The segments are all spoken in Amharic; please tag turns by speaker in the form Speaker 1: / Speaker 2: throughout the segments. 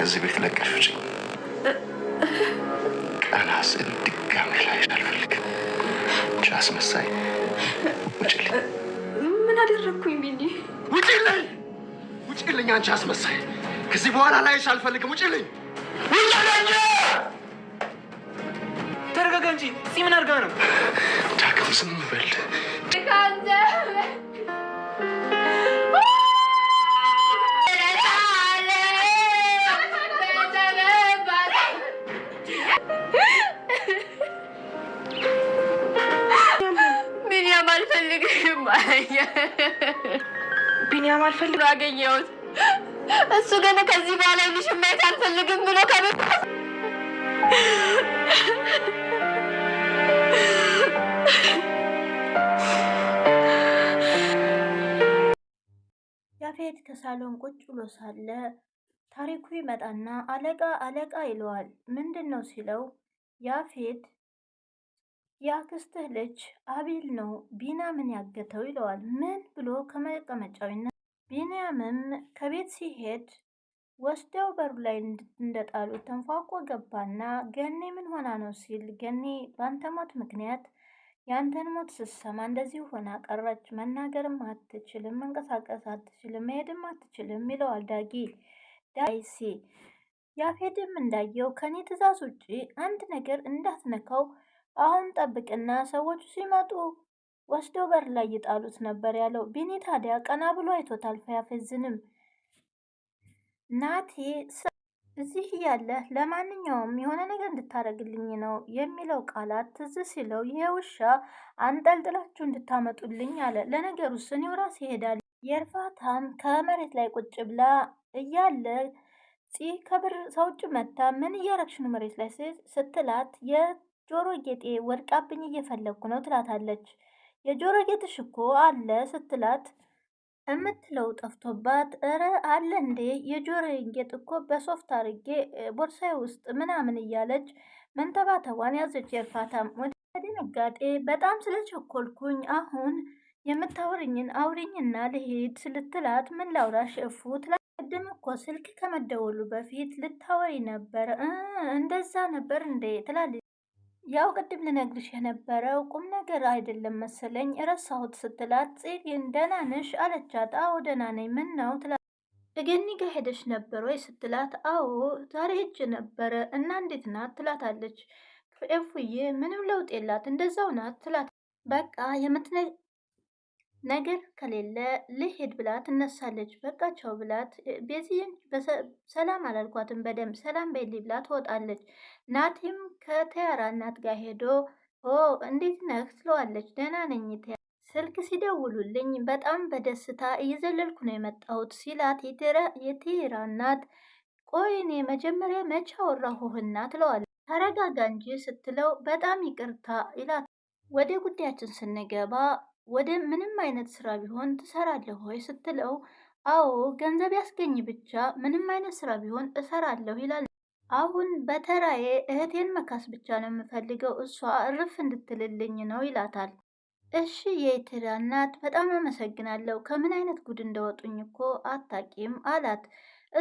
Speaker 1: ከዚህ ቤት ለቀሽ ውጪ። ቀና ስል ድጋሚ ላይሽ አልፈልግም። አንቺ አስመሳይ ውጭልኝ።
Speaker 2: ምን አደረግኩኝ? ቢኒ
Speaker 1: ውጭልኝ፣ ውጭልኝ! አንቺ አስመሳይ ከዚህ በኋላ ላይሽ አልፈልግም። ውጭልኝ፣ ውጭልኝ!
Speaker 3: ተረጋጋ እንጂ ፂ ምን አድርጋ ነው?
Speaker 1: ዳግም ዝም በል
Speaker 3: ቢኒያም አልፈልግም አገኘሁት።
Speaker 2: እሱ ግን ከዚህ በኋላ ሚሽን ማየት አልፈልግም ብሎ ከቤት
Speaker 4: ያፌት ከሳሎን ቁጭ ብሎ ሳለ ታሪኩ ይመጣና አለቃ አለቃ ይለዋል። ምንድን ነው ሲለው ያፌት የአክስትህ ልጅ አቤል ነው ቢንያምን ያገተው ይለዋል። ምን ብሎ ከመቀመጫዊነት ቢንያምም ከቤት ሲሄድ ወስደው በሩ ላይ እንደጣሉ ተንፏቆ ገባና ገኔ ምን ሆና ነው ሲል ገኔ በአንተ ሞት ምክንያት የአንተን ሞት ስሰማ እንደዚህ ሆና ቀረች። መናገርም አትችልም፣ መንቀሳቀስ አትችልም፣ መሄድም አትችልም ይለዋል ዳጊ ዳይሲ ያፌድም እንዳየው ከኔ ትእዛዝ ውጪ አንድ ነገር እንዳትነካው አሁን ጠብቅና ሰዎቹ ሲመጡ ወስደው በር ላይ ይጣሉት ነበር ያለው። ቢኒ ታዲያ ቀና ብሎ አይቶታል። ፈያፈዝንም ናቴ እዚህ እያለ ለማንኛውም የሆነ ነገር እንድታደርግልኝ ነው የሚለው ቃላት ትዝ ሲለው ይሄ ውሻ አንጠልጥላችሁ እንድታመጡልኝ አለ። ለነገሩ እኔው ራሴ ይሄዳል። የእርፋታም ከመሬት ላይ ቁጭ ብላ እያለ ፂ ከብር ሰውጭ መታ ምን እያረግሽ ነው መሬት ላይ ስትላት ጆሮ ጌጤ ወድቃብኝ እየፈለግኩ ነው ትላታለች። የጆሮ ጌጥሽ እኮ አለ ስትላት የምትለው ጠፍቶባት እረ አለ እንዴ የጆሮ ጌጥ እኮ በሶፍት አርጌ ቦርሳዬ ውስጥ ምናምን እያለች መንተባተቧን ያዘች። የእርፋታም ወደ ድንጋጤ በጣም ስለቸኮልኩኝ አሁን የምታወርኝን አውሪኝና ልሄድ ስልትላት ምን ላውራሽ እፉ ትላት። ቅድም እኮ ስልክ ከመደወሉ በፊት ልታወሪ ነበር እንደዛ ነበር እንዴ ትላለች። ያው ቅድም ልነግርሽ የነበረው ቁም ነገር አይደለም መሰለኝ ረሳሁት ስትላት ጽጌን ደህና ነሽ አለቻት። አዎ ደህና ነኝ። ምን ነው ትላ እገኒ ጋ ሄደሽ ነበር ወይ ስትላት አዎ ዛሬ ሄጄ ነበረ እና እንዴት ናት ትላታለች። ኤፉዬ ምንም ለውጥ የላት እንደዛው ናት ትላት በቃ ነገር ከሌለ ልሄድ ብላ ትነሳለች። በቃቸው ብላት ቤዚን ሰላም አላልኳትም በደንብ ሰላም በሌ ብላ ትወጣለች። ናቲም ከተያራ እናት ጋር ሄዶ ኦ እንዴት ነህ ትለዋለች። ደህና ነኝ ስልክ ሲደውሉልኝ በጣም በደስታ እየዘለልኩ ነው የመጣሁት ሲላት የቴራ እናት ቆይ እኔ መጀመሪያ መቼ አወራሁህና ትለዋለች። ተረጋጋ እንጂ ስትለው በጣም ይቅርታ ይላት። ወደ ጉዳያችን ስንገባ ወደ ምንም አይነት ስራ ቢሆን ትሰራለህ ወይ ስትለው አዎ ገንዘብ ያስገኝ ብቻ ምንም አይነት ስራ ቢሆን እሰራለሁ ይላል። አሁን በተራዬ እህቴን መካስ ብቻ ነው የምፈልገው እሷ እርፍ እንድትልልኝ ነው ይላታል። እሺ የኤቴራ እናት በጣም አመሰግናለሁ ከምን አይነት ጉድ እንደወጡኝ እኮ አታቂም አላት።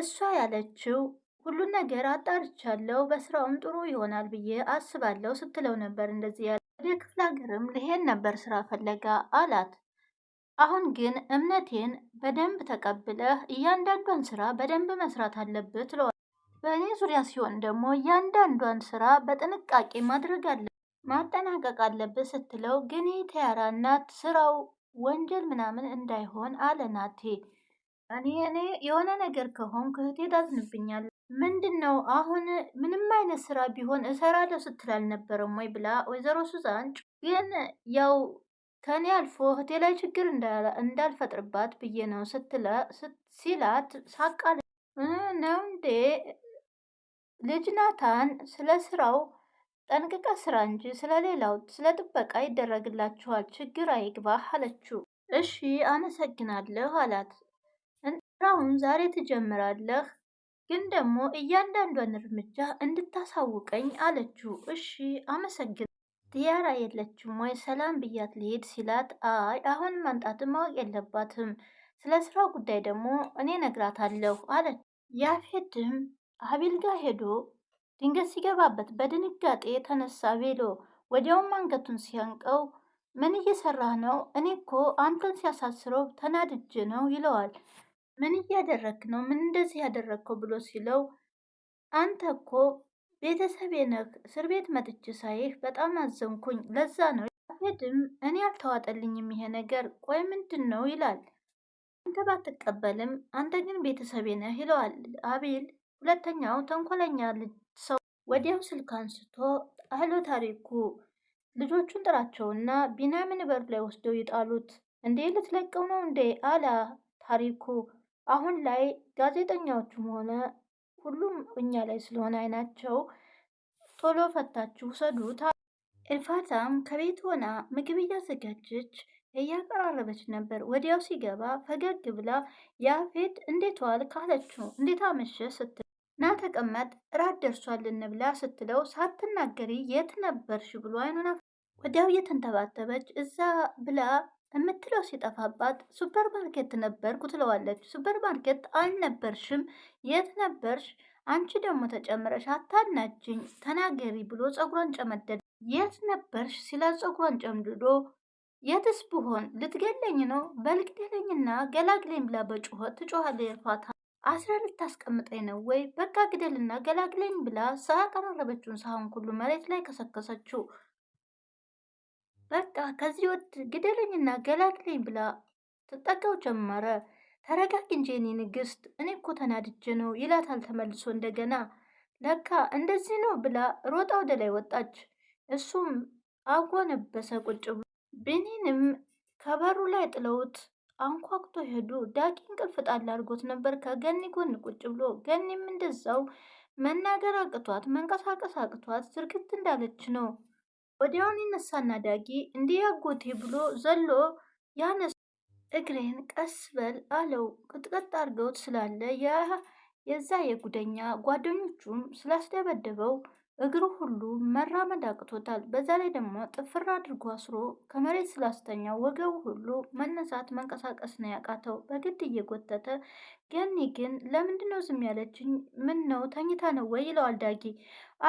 Speaker 4: እሷ ያለችው ሁሉን ነገር አጣርቻለሁ በስራውም ጥሩ ይሆናል ብዬ አስባለሁ ስትለው ነበር እንደዚህ ወደ ክፍለ ሀገርም ልሄድ ነበር ስራ ፈለጋ አላት። አሁን ግን እምነቴን በደንብ ተቀብለህ እያንዳንዷን ስራ በደንብ መስራት አለብህ ትለዋል። በእኔ ዙሪያ ሲሆን ደግሞ እያንዳንዷን ስራ በጥንቃቄ ማድረግ አለ ማጠናቀቅ አለብህ ስትለው ግን ተያራናት ስራው ወንጀል ምናምን እንዳይሆን አለ ናቴ። እኔ እኔ የሆነ ነገር ከሆንኩ እህቴ ታዝንብኛል። ምንድን ነው አሁን ምንም አይነት ስራ ቢሆን እሰራለሁ ስትል አልነበረም ወይ ብላ ወይዘሮ ሱዛን ግን ያው ከኔ አልፎ እህቴ ላይ ችግር እንዳልፈጥርባት ብዬ ነው ሲላት ሳቃል ነው እንዴ ልጅ ናታን ስለ ስራው ጠንቅቀ ስራ እንጂ ሌላው ስለ ጥበቃ ይደረግላችኋል፣ ችግር አይግባህ አለችው። እሺ አመሰግናለሁ አላት። ስራውን ዛሬ ትጀምራለህ ግን ደግሞ እያንዳንዷን እርምጃ እንድታሳውቀኝ አለችው። እሺ አመሰግን። ዲያራ የለችም ወይ ሰላም ብያት ልሄድ ሲላት አይ አሁን ማምጣትን ማወቅ የለባትም ስለ ስራው ጉዳይ ደግሞ እኔ ነግራታለሁ አለች። ያፌድም አቢልጋ ጋር ሄዶ ድንገት ሲገባበት በድንጋጤ ተነሳ። ቤሎ ወዲያውም አንገቱን ሲያንቀው ምን እየሰራህ ነው? እኔ እኮ አንተን ሲያሳስረው ተናድጄ ነው ይለዋል። ምን እያደረክ ነው? ምን እንደዚህ ያደረግከው ብሎ ሲለው አንተ እኮ ቤተሰቤ ነህ። እስር ቤት መጥቼ ሳይህ በጣም አዘንኩኝ። ለዛ ነው ሄድም እኔ አልተዋጠልኝም ይሄ ነገር። ቆይ ምንድን ነው ይላል። አንተ ባትቀበልም አንተ ግን ቤተሰቤ ነህ ይለዋል አቤል። ሁለተኛው ተንኮለኛ ልጅ ሰው ወዲያው ስልክ አንስቶ አህሎ ታሪኩ ልጆቹን ጥራቸውና ቢናምን በር ላይ ወስደው ይጣሉት እንዴ ልትለቀው ነው እንዴ አላ ታሪኩ አሁን ላይ ጋዜጠኛዎቹም ሆነ ሁሉም እኛ ላይ ስለሆነ አይናቸው ቶሎ ፈታችሁ ውሰዱት። እልፋታም ከቤት ሆና ምግብ እያዘጋጀች እያቀራረበች ነበር። ወዲያው ሲገባ ፈገግ ብላ ያፌት እንዴት ዋል ካለችው እንዴት አመሸ ስትል ና ተቀመጥ፣ እራት ደርሷል እንብላ ስትለው ሳትናገሪ የት ነበርሽ ብሎ አይኑና ወዲያው እየተንተባተበች እዛ ብላ የምትለው ሲጠፋባት ሱፐር ማርኬት ነበርኩ ትለዋለች። ሱፐር ማርኬት አልነበርሽም፣ የት ነበርሽ? አንቺ ደግሞ ተጨምረሽ አታናጅኝ ተናገሪ ብሎ ጸጉሯን ጨመደደ። የት ነበርሽ ሲላ ጸጉሯን ጨምድዶ የትስ ብሆን ልትገለኝ ነው በልግደለኝና ገላግለኝ ብላ በጩኸት ትጮኋለ። የርፋታ አስራ ልታስቀምጠኝ ነው ወይ? በቃ ግደልና ገላግለኝ ብላ ቀረበችውን ሳህን ሁሉ መሬት ላይ ከሰከሰችው። በቃ ከዚህ ወድ ግደለኝና ገላግለኝ ብላ ትጠጋው ጀመረ። ተረጋግ እንጂ የኔ ንግስት፣ እኔ እኮ ተናድጄ ነው ይላታል ተመልሶ። እንደገና ለካ እንደዚህ ነው ብላ ሮጣ ወደ ላይ ወጣች። እሱም አጎነበሰ ቁጭ ብሎ። ቢኒንም ከበሩ ላይ ጥለውት አንኳኩቶ ሄዱ። ዳጊ እንቅልፍ ጣል አድርጎት ነበር ከገኒ ጎን ቁጭ ብሎ፣ ገኒም እንደዛው መናገር አቅቷት መንቀሳቀስ አቅቷት ዝርግት እንዳለች ነው። ወዲያውን ይነሳና ዳጊ እንዴ አጎቴ ብሎ ዘሎ ያነሱ እግሬን ቀስ በል አለው። ቅጥቅጥ አድርገውት ስላለ የዛ የጉደኛ ጓደኞቹም ስላስደበደበው እግሩ ሁሉ መራመድ አቅቶታል። በዛ ላይ ደግሞ ጥፍር አድርጎ አስሮ ከመሬት ስላስተኛው ወገቡ ሁሉ መነሳት መንቀሳቀስ ነው ያቃተው። በግድ እየጎተተ ገኒ ግን ለምንድን ነው ዝም ያለችኝ? ምን ነው ተኝታ ነው ወይ ይለዋል ዳጊ።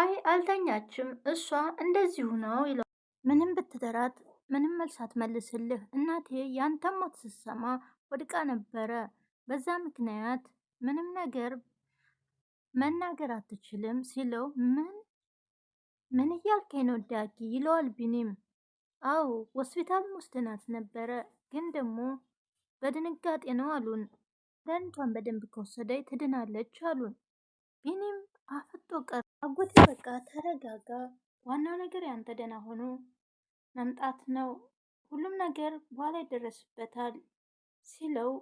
Speaker 4: አይ አልተኛችም፣ እሷ እንደዚሁ ነው ይለዋል። ምንም ብትደራት ምንም መልስ አትመልስልህ። እናቴ ያንተ ሞት ስትሰማ ወድቃ ነበረ። በዛ ምክንያት ምንም ነገር መናገር አትችልም ሲለው ምን ምን እያልከኝ ነው ዳጊ? ይለዋል ቢኒም። አዎ ውስጥ ናት ነበረ ግን ደግሞ በድንጋጤ ነው አሉን። መድኃኒቷን በደንብ ከወሰደ ትድናለች አሉን። ቢኒም አፍጦ ቀር አጎቴ፣ በቃ ተረጋጋ። ዋናው ነገር ያንተ ደህና ሆኖ መምጣት ነው። ሁሉም ነገር በኋላ ይደረስበታል ሲለው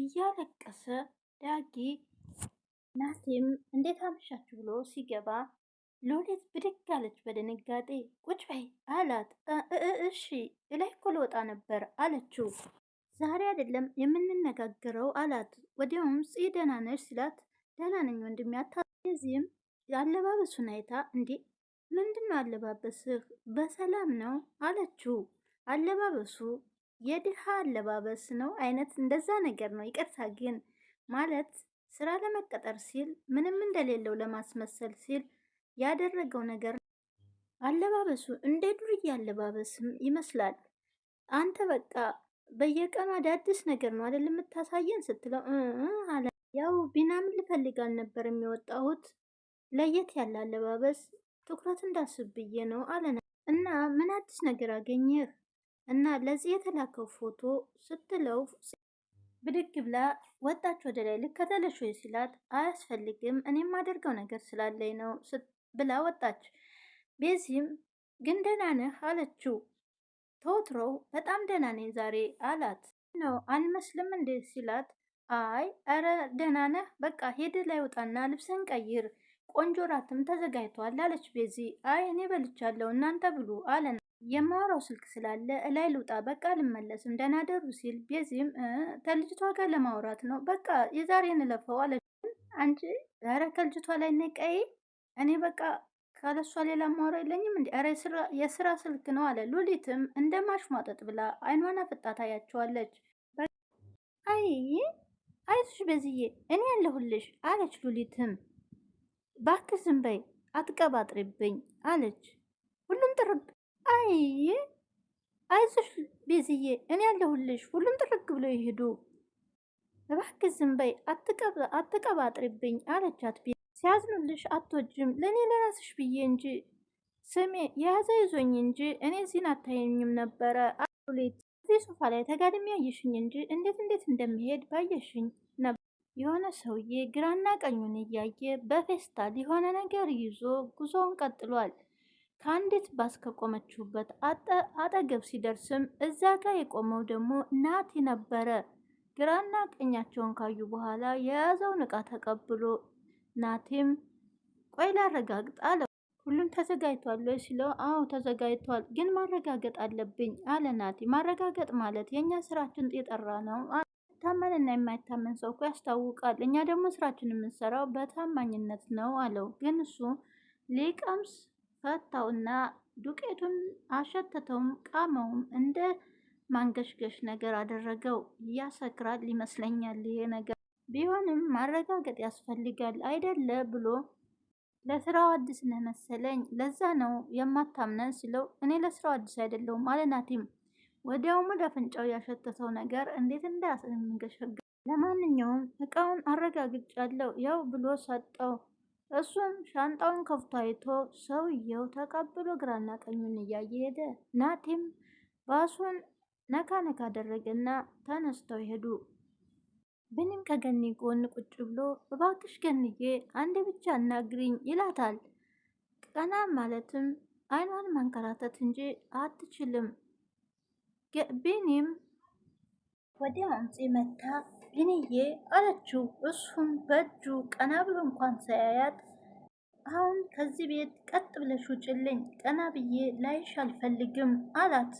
Speaker 4: እያለቀሰ ዳጊ ናቴም እንዴት አመሻችሁ ብሎ ሲገባ ሎሌት ብድግ አለች በድንጋጤ። ቁጭ በይ አላት። እሺ እላይ እኮ ልወጣ ነበር አለችው። ዛሬ አይደለም የምንነጋገረው አላት። ወዲያውም ጽ ደህና ነሽ ሲላት ደህና ነኝ ወንድሜ አታ የዚህም አለባበሱን አይታ እንዴ ምንድን ነው አለባበስህ? በሰላም ነው አለችው። አለባበሱ የድሃ አለባበስ ነው አይነት እንደዛ ነገር ነው። ይቅርታ ግን ማለት ስራ ለመቀጠር ሲል ምንም እንደሌለው ለማስመሰል ሲል ያደረገው ነገር አለባበሱ እንደ ዱርዬ አለባበስም ይመስላል። አንተ በቃ በየቀኑ አዳዲስ ነገር ነው አይደል የምታሳየን ስትለው አለ። ያው ቢናምን ልፈልግ አልነበር የሚወጣሁት ለየት ያለ አለባበስ ትኩረት እንዳስብዬ ነው አለ። እና ምን አዲስ ነገር አገኘህ? እና ለዚህ የተላከው ፎቶ ስትለው ብድግ ብላ ወጣች ወደ ላይ ልከተለሽ ሲላት አያስፈልግም እኔም አደርገው ነገር ስላለኝ ነው ብላ ወጣች። ቤዚም ግን ደህና ነህ አለችው። ተወትሮው በጣም ደህና ነኝ ዛሬ አላት። ነው አልመስልም እንዴ ሲላት፣ አይ አረ ደህና ነህ በቃ ሄደ ላይ ውጣና ልብስን ቀይር፣ ቆንጆ ራትም ተዘጋጅቷል አለች ቤዚ። አይ እኔ በልቻለሁ እናንተ ብሉ አለና የማወራው ስልክ ስላለ እላይ ልውጣ በቃ አልመለስም ደህና ደሩ ሲል፣ ቤዚም ከልጅቷ ጋር ለማውራት ነው በቃ የዛሬ እንለፈው አለች። አንቺ ኧረ ከልጅቷ ላይ ነቀይ እኔ በቃ ካለሷ ሌላ ማውራ የለኝም እንዲ ረ የስራ ስልክ ነው አለ። ሉሊትም እንደ ማሽሟጠጥ ብላ አይኗና ፍጣ ታያቸዋለች። አይ አይዞሽ በዚዬ እኔ ያለሁልሽ አለች። ሉሊትም ባክ ዝም በይ አትቀባጥሪብኝ አለች። ሁሉም ጥርግ አይ አይዞሽ ቤዝዬ እኔ ያለሁልሽ ሁሉም ጥርግ ብሎ ይሄዱ እባክሽ ዝም በይ አትቀባጥሪብኝ አለቻት። ሲያዝኑልሽ አትወጅም። ለእኔ ለራስሽ ብዬ እንጂ ስሜ የያዘ ይዞኝ እንጂ እኔ እዚህን አታየኝም ነበረ። አሉሌት እዚህ ሶፋ ላይ ተጋድሜ ያየሽኝ እንጂ እንዴት እንዴት እንደምሄድ ባየሽኝ ነበር። የሆነ ሰውዬ ግራና ቀኙን እያየ በፌስታል የሆነ ነገር ይዞ ጉዞውን ቀጥሏል። ከአንዲት ባስ ከቆመችበት አጠገብ ሲደርስም እዛ ጋር የቆመው ደግሞ ናቲ ነበረ። ግራና ቀኛቸውን ካዩ በኋላ የያዘውን እቃ ተቀብሎ ናቴም ቆይ ላረጋግጥ አለው። ሁሉም ተዘጋጅቷል ወይ ሲለው አዎ ተዘጋጅቷል፣ ግን ማረጋገጥ አለብኝ አለ ናቲ። ማረጋገጥ ማለት የእኛ ስራችን የጠራ ነው። ታመንና የማይታመን ሰው እኮ ያስታውቃል። እኛ ደግሞ ስራችን የምንሰራው በታማኝነት ነው አለው። ግን እሱ ሊቀምስ ፈታውና ዱቄቱን አሸተተውም ቃመውም እንደ ማንገሽገሽ ነገር አደረገው። ያሰክራል ይመስለኛል ይሄ ነገር። ቢሆንም ማረጋገጥ ያስፈልጋል አይደለ ብሎ ለስራው አዲስ ነህ መሰለኝ ለዛ ነው የማታምነን ሲለው እኔ ለስራው አዲስ አይደለሁም አለ ናቲም። ወዲያውም ወደ አፍንጫው ያሸተተው ነገር እንዴት እንዳያስንገሸገ ለማንኛውም እቃውን አረጋግጫለሁ ያው ብሎ ሰጠው። እሱም ሻንጣውን ከፍቶ አይቶ ሰውየው ተቀብሎ ግራና ቀኙን እያየ ሄደ። ናቲም ባሱን ነካ ነካ አደረገና ተነስተው ሄዱ። ብንም ከገኒ ጎን ቁጭ ብሎ እባክሽ ገንዬ አንድ ብቻ አናግሪኝ ይላታል። ቀና ማለትም አይኗን ማንከራተት እንጂ አትችልም። ቢኒም ወደ አምፂ መታ ግንዬ አለችው። እሱም በእጁ ቀና ብሎ እንኳን ሳያያት አሁን ከዚህ ቤት ቀጥ ብለሽ ውጭልኝ፣ ቀና ብዬ ላይሽ አልፈልግም አላት።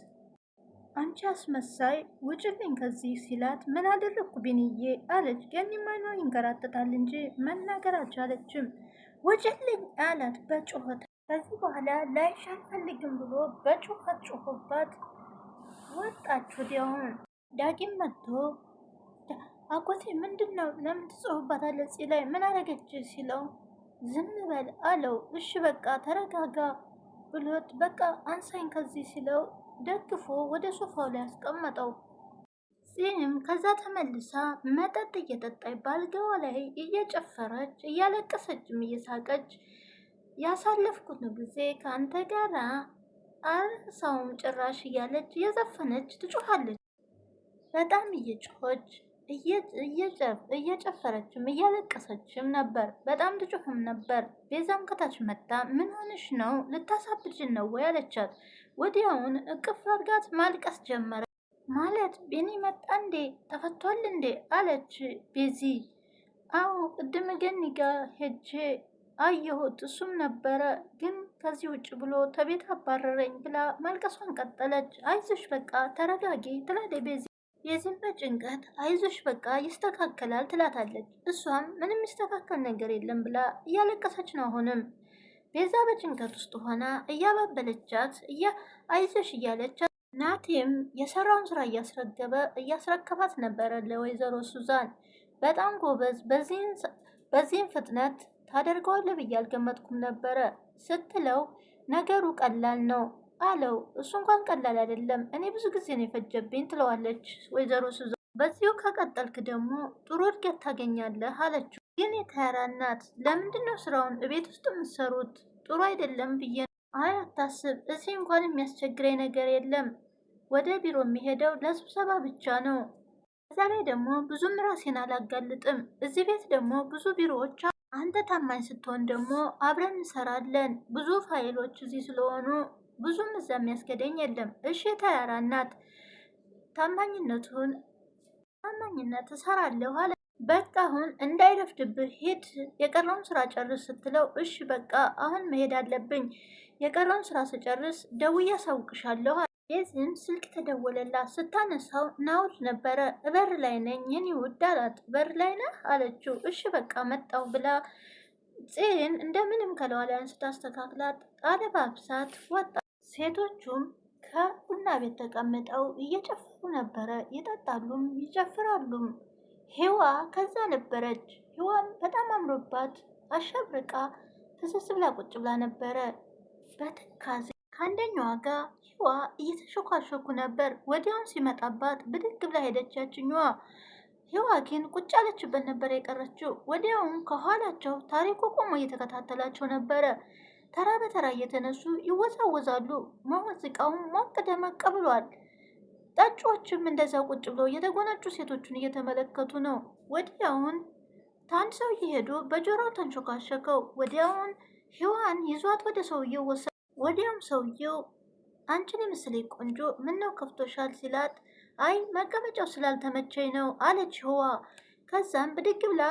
Speaker 4: አንቺ አስመሳይ ውጭልኝ ከዚህ ሲላት ምን አደረግኩ ቢንዬ አለች። ገኒም አይኗ ይንከራተታል እንጂ መናገር አልቻለችም። ውጭልኝ አላት በጩኸት። ከዚህ በኋላ ላይሽ አልፈልግም ብሎ በጩኸት ጩኸባት ወጣች። ወዲያውን ዳጊም መጥቶ አጎቴ ምንድን ነው ለምን ትጽሁባታለ ፅ ላይ ምን አረገች ሲለው ዝም በል አለው። እሺ በቃ ተረጋጋ ብሎት በቃ አንሳኝ ከዚህ ሲለው ደግፎ ወደ ሶፋው ላይ አስቀመጠው ፂም ከዛ ተመልሳ መጠጥ እየጠጣች ባልጋዋ ላይ እየጨፈረች እያለቀሰችም እየሳቀች ያሳለፍኩትን ጊዜ ከአንተ ጋር አርሳውም ጭራሽ እያለች እየዘፈነች ትጮኋለች። በጣም እየጮኸች እየጨፈረችም እያለቀሰችም ነበር። በጣም ትጮህም ነበር። ቤዛም ከታች መጣ ምን ሆንሽ ነው? ልታሳብጅን ነው ወይ አለቻት። ወዲያውን እቅፍ አድርጋት ማልቀስ ጀመረ። ማለት ቤኒ መጣ እንዴ? ተፈቷል እንዴ? አለች ቤዚ። አዎ ቅድም ገኒ ሄጄ አየሁት፣ እሱም ነበረ ግን ከዚህ ውጭ ብሎ ተቤት አባረረኝ ብላ ማልቀሷን ቀጠለች። አይዞሽ በቃ ተረጋጊ ትላለች ቤዚ። ቤዚም በጭንቀት አይዞሽ በቃ ይስተካከላል ትላታለች። እሷም ምንም ይስተካከል ነገር የለም ብላ እያለቀሰች ነው አሁንም ቤዛ በጭንቀት ውስጥ ሆና እያባበለቻት አይዞሽ እያለቻት ናቲም የሰራውን ስራ እያስረገበ እያስረከባት ነበረ ለወይዘሮ ሱዛን። በጣም ጎበዝ፣ በዚህም ፍጥነት ታደርገዋለህ ብዬ አልገመትኩም ነበረ ስትለው ነገሩ ቀላል ነው አለው። እሱ እንኳን ቀላል አይደለም፣ እኔ ብዙ ጊዜ ነው የፈጀብኝ ትለዋለች ወይዘሮ ሱዛን። በዚሁ ከቀጠልክ ደግሞ ጥሩ እድገት ታገኛለህ አለችው። ግን የተራ እናት ለምንድን ነው ስራውን እቤት ውስጥ የምትሰሩት? ጥሩ አይደለም ብዬ አይ አታስብ፣ እዚህ እንኳን የሚያስቸግረኝ ነገር የለም። ወደ ቢሮ የሚሄደው ለስብሰባ ብቻ ነው። እዛ ላይ ደግሞ ብዙም ራሴን አላጋልጥም። እዚህ ቤት ደግሞ ብዙ ቢሮዎች፣ አንተ ታማኝ ስትሆን ደግሞ አብረን እንሰራለን። ብዙ ፋይሎች እዚህ ስለሆኑ ብዙም እዛ የሚያስገደኝ የለም። እሺ የተራ እናት ታማኝነቱን ታማኝነት እሰራለሁ አለ። በቃ አሁን እንዳይረፍድብህ ሄድ የቀረውን ስራ ጨርስ ስትለው እሺ በቃ አሁን መሄድ አለብኝ፣ የቀረውን ስራ ስጨርስ ደውዬ አሳውቅሻለሁ። የዚህም ስልክ ተደወለላት። ስታነሳው ናውድ ነበረ። በር ላይ ነኝ የኔ ውድ አላት። በር ላይ ነህ አለችው። እሺ በቃ መጣው ብላ ጽን እንደምንም ከለዋላያን ስታስተካክላት አለባብሳት ወጣ። ሴቶቹም ከቡና ቤት ተቀምጠው እየጨፈሩ ነበረ። ይጠጣሉም ይጨፍራሉም። ሄዋ ከዛ ነበረች። ሄዋም በጣም አምሮባት አሸብርቃ ፈሰስ ብላ ቁጭ ብላ ነበረ። በትካዜ ከአንደኛዋ ጋር ሄዋ እየተሸኳሸኩ ነበር። ወዲያውም ሲመጣባት ብድግ ብላ ሄደች ያችኛዋ። ሄዋ ግን ቁጭ ያለችበት ነበር የቀረችው። ወዲያውም ከኋላቸው ታሪኩ ቆሞ እየተከታተላቸው ነበረ። ተራ በተራ እየተነሱ ይወዛወዛሉ። ሙዚቃውም ሞቅ ደመቅ ብሏል። ጣጮዎችም እንደዛ ቁጭ ብለው የተጎነጩ ሴቶቹን እየተመለከቱ ነው። ወዲያውን ታንድ ሰውዬ ሄዶ በጆሮው ተንሾካሸከው። ወዲያውን ሔዋን ይዟት ወደ ሰውየው ወሰ ወዲያውም ሰውየው አንቺን የምስሌ ቆንጆ ምነው ከፍቶሻል ሲላት አይ መቀመጫው ስላልተመቸኝ ነው አለች ህዋ። ከዛም ብድግ ብላ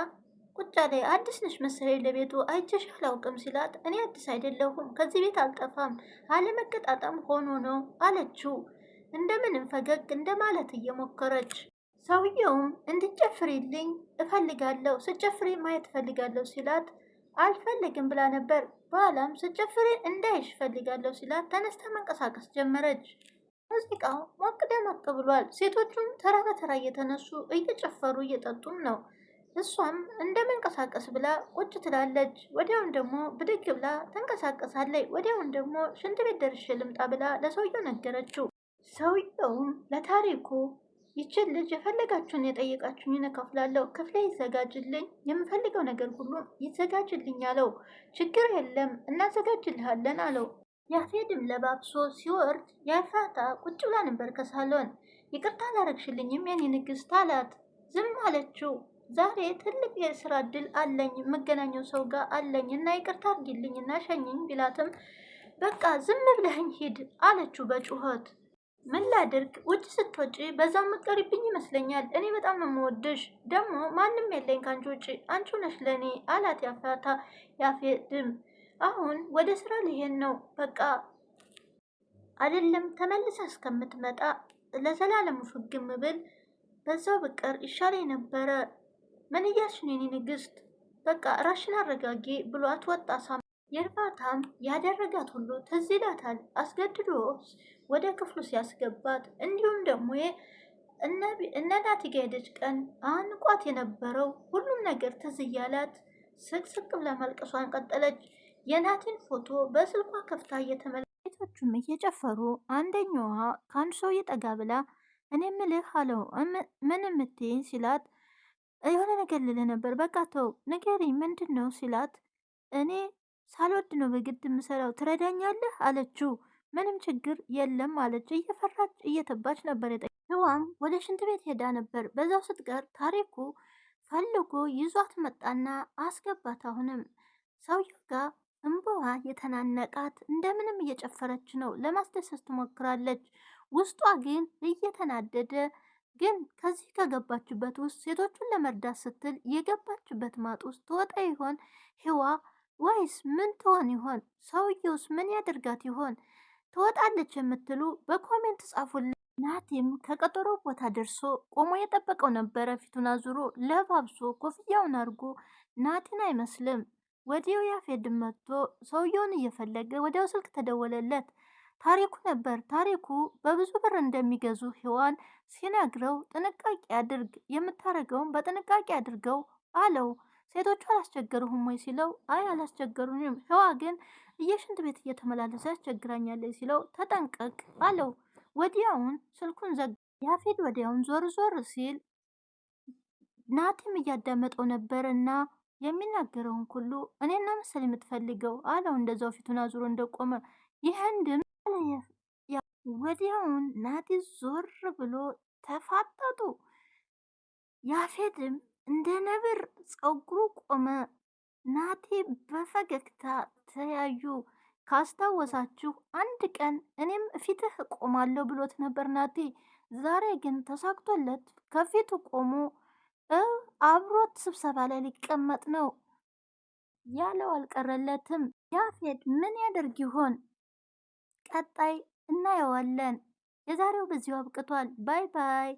Speaker 4: ቁጫ ላይ አዲስ ነሽ መሰለኝ ለቤቱ አይቼሽ አላውቅም ሲላት እኔ አዲስ አይደለሁም ከዚህ ቤት አልጠፋም አለመቀጣጠም ሆኖ ነው አለችው። እንደምንም ፈገግ እንደማለት እየሞከረች ሰውየውም እንድጨፍሪልኝ እፈልጋለሁ ስጨፍሪ ማየት እፈልጋለሁ ሲላት አልፈልግም ብላ ነበር። በኋላም ስጨፍሪ እንዳይሽ እፈልጋለሁ ሲላት ተነስታ መንቀሳቀስ ጀመረች። ሙዚቃው ሞቅ ደመቅ ብሏል። ሴቶቹም ተራ በተራ እየተነሱ እየጨፈሩ እየጠጡም ነው። እሷም እንደ መንቀሳቀስ ብላ ቁጭ ትላለች። ወዲያውን ደግሞ ብድግ ብላ ተንቀሳቀሳለች። ወዲያውን ደግሞ ሽንት ቤት ደርሼ ልምጣ ብላ ለሰውየው ነገረችው። ሰውየውም ለታሪኩ ይችን ልጅ የፈለጋችሁን የጠየቃችሁኝ እከፍላለሁ፣ ክፍለ ይዘጋጅልኝ፣ የምፈልገው ነገር ሁሉ ይዘጋጅልኝ አለው። ችግር የለም እናዘጋጅልሃለን አለው። ያፌድም ለባብሶ ሲወርድ የፋታ ቁጭ ብላ ነበር ከሳሎን። ይቅርታ ላረግሽልኝም የኔ ንግስት አላት። ዝም አለችው። ዛሬ ትልቅ የስራ እድል አለኝ መገናኘው ሰው ጋር አለኝ እና ይቅርታ አርጊልኝ እና ሸኝኝ ቢላትም በቃ ዝም ብለህኝ ሂድ አለችው በጩኸት ምን ላድርግ? ውጭ ስትወጪ በዛ የምትቀሪብኝ ይመስለኛል። እኔ በጣም ነው የምወድሽ፣ ደግሞ ማንም የለኝ ከአንቺ ውጭ፣ አንቺ ነሽ ለእኔ አላት ያፋታ ያፌድም። አሁን ወደ ስራ ልሄድ ነው በቃ አይደለም ተመልሰ እስከምትመጣ ለዘላለሙ ፍግም ብል በዛው ብቀር ይሻለኝ ነበረ። ምን እያልሽ ነው የኔ ንግስት? በቃ ራሽን አረጋጊ ብሏት ወጣ። የእርባታም ያደረጋት ሁሉ ትዝ ይላታል። አስገድዶ ወደ ክፍሉ ሲያስገባት እንዲሁም ደግሞ እነ ናቲ ሄደች ቀን አንቋት የነበረው ሁሉም ነገር ትዝ እያላት ስቅስቅ ብላ መልቀሷን ቀጠለች። የናቲን ፎቶ በስልኳ ከፍታ እየተመለከተችም እየጨፈሩ አንደኛዋ ከአንድ ሰው እየጠጋ ብላ እኔ ምልህ አለው ምን የምትይኝ ሲላት የሆነ ነገር ልል ነበር በቃ ተው ንገሪ ምንድን ነው ሲላት እኔ ሳልወድ ነው በግድ የምሰራው ትረዳኛለህ አለችው። ምንም ችግር የለም አለች። እየፈራች እየተባች ነበር የጠ ህዋም ወደ ሽንት ቤት ሄዳ ነበር። በዛው ስትቀር ታሪኩ ፈልጎ ይዟት መጣና አስገባት። አሁንም ሰውየው ጋር እንበዋ የተናነቃት እንደምንም እየጨፈረች ነው ለማስደሰት ትሞክራለች። ውስጧ ግን እየተናደደ ግን ከዚህ ከገባችበት ውስጥ ሴቶቹን ለመርዳት ስትል የገባችበት ማጥ ውስጥ ትወጣ ይሆን ህዋ ወይስ ምን ትሆን ይሆን? ሰውየውስ ምን ያደርጋት ይሆን? ትወጣለች የምትሉ በኮሜንት ጻፉልን። ናቲም ከቀጠሮ ቦታ ደርሶ ቆሞ የጠበቀው ነበረ። ፊቱን አዙሮ ለባብሶ ኮፍያውን አድርጎ ናቲን አይመስልም። ወዲያው ያፌድ መጥቶ ሰውየውን እየፈለገ ወዲያው ስልክ ተደወለለት። ታሪኩ ነበር። ታሪኩ በብዙ ብር እንደሚገዙ ሔዋን ሲነግረው ጥንቃቄ አድርግ፣ የምታደርገውን በጥንቃቄ አድርገው አለው። ሴቶቹ አላስቸገሩሁም ወይ ሲለው አይ አላስቸገሩኝም፣ ህዋ ግን እየሽንት ቤት እየተመላለሰ ያስቸግራኛለች ሲለው ተጠንቀቅ አለው። ወዲያውን ስልኩን ዘጋ። ያፌድ ወዲያውን ዞር ዞር ሲል ናቲም እያዳመጠው ነበር እና የሚናገረውን ሁሉ እኔ እኔና መሰል የምትፈልገው አለው። እንደዛው ፊቱን አዙሮ እንደቆመ ይህን ድምፅ ወዲያውን ናቲ ዞር ብሎ ተፋጠጡ። ያፌድም እንደ ነብር ፀጉሩ ቆመ። ናቴ በፈገግታ ተያዩ። ካስታወሳችሁ አንድ ቀን እኔም ፊትህ ቆማለሁ ብሎት ነበር ናቴ። ዛሬ ግን ተሳክቶለት ከፊቱ ቆሞ አብሮት ስብሰባ ላይ ሊቀመጥ ነው ያለው አልቀረለትም። ያፌት ምን ያደርግ ይሆን? ቀጣይ እናየዋለን። የዛሬው በዚሁ አብቅቷል። ባይ ባይ።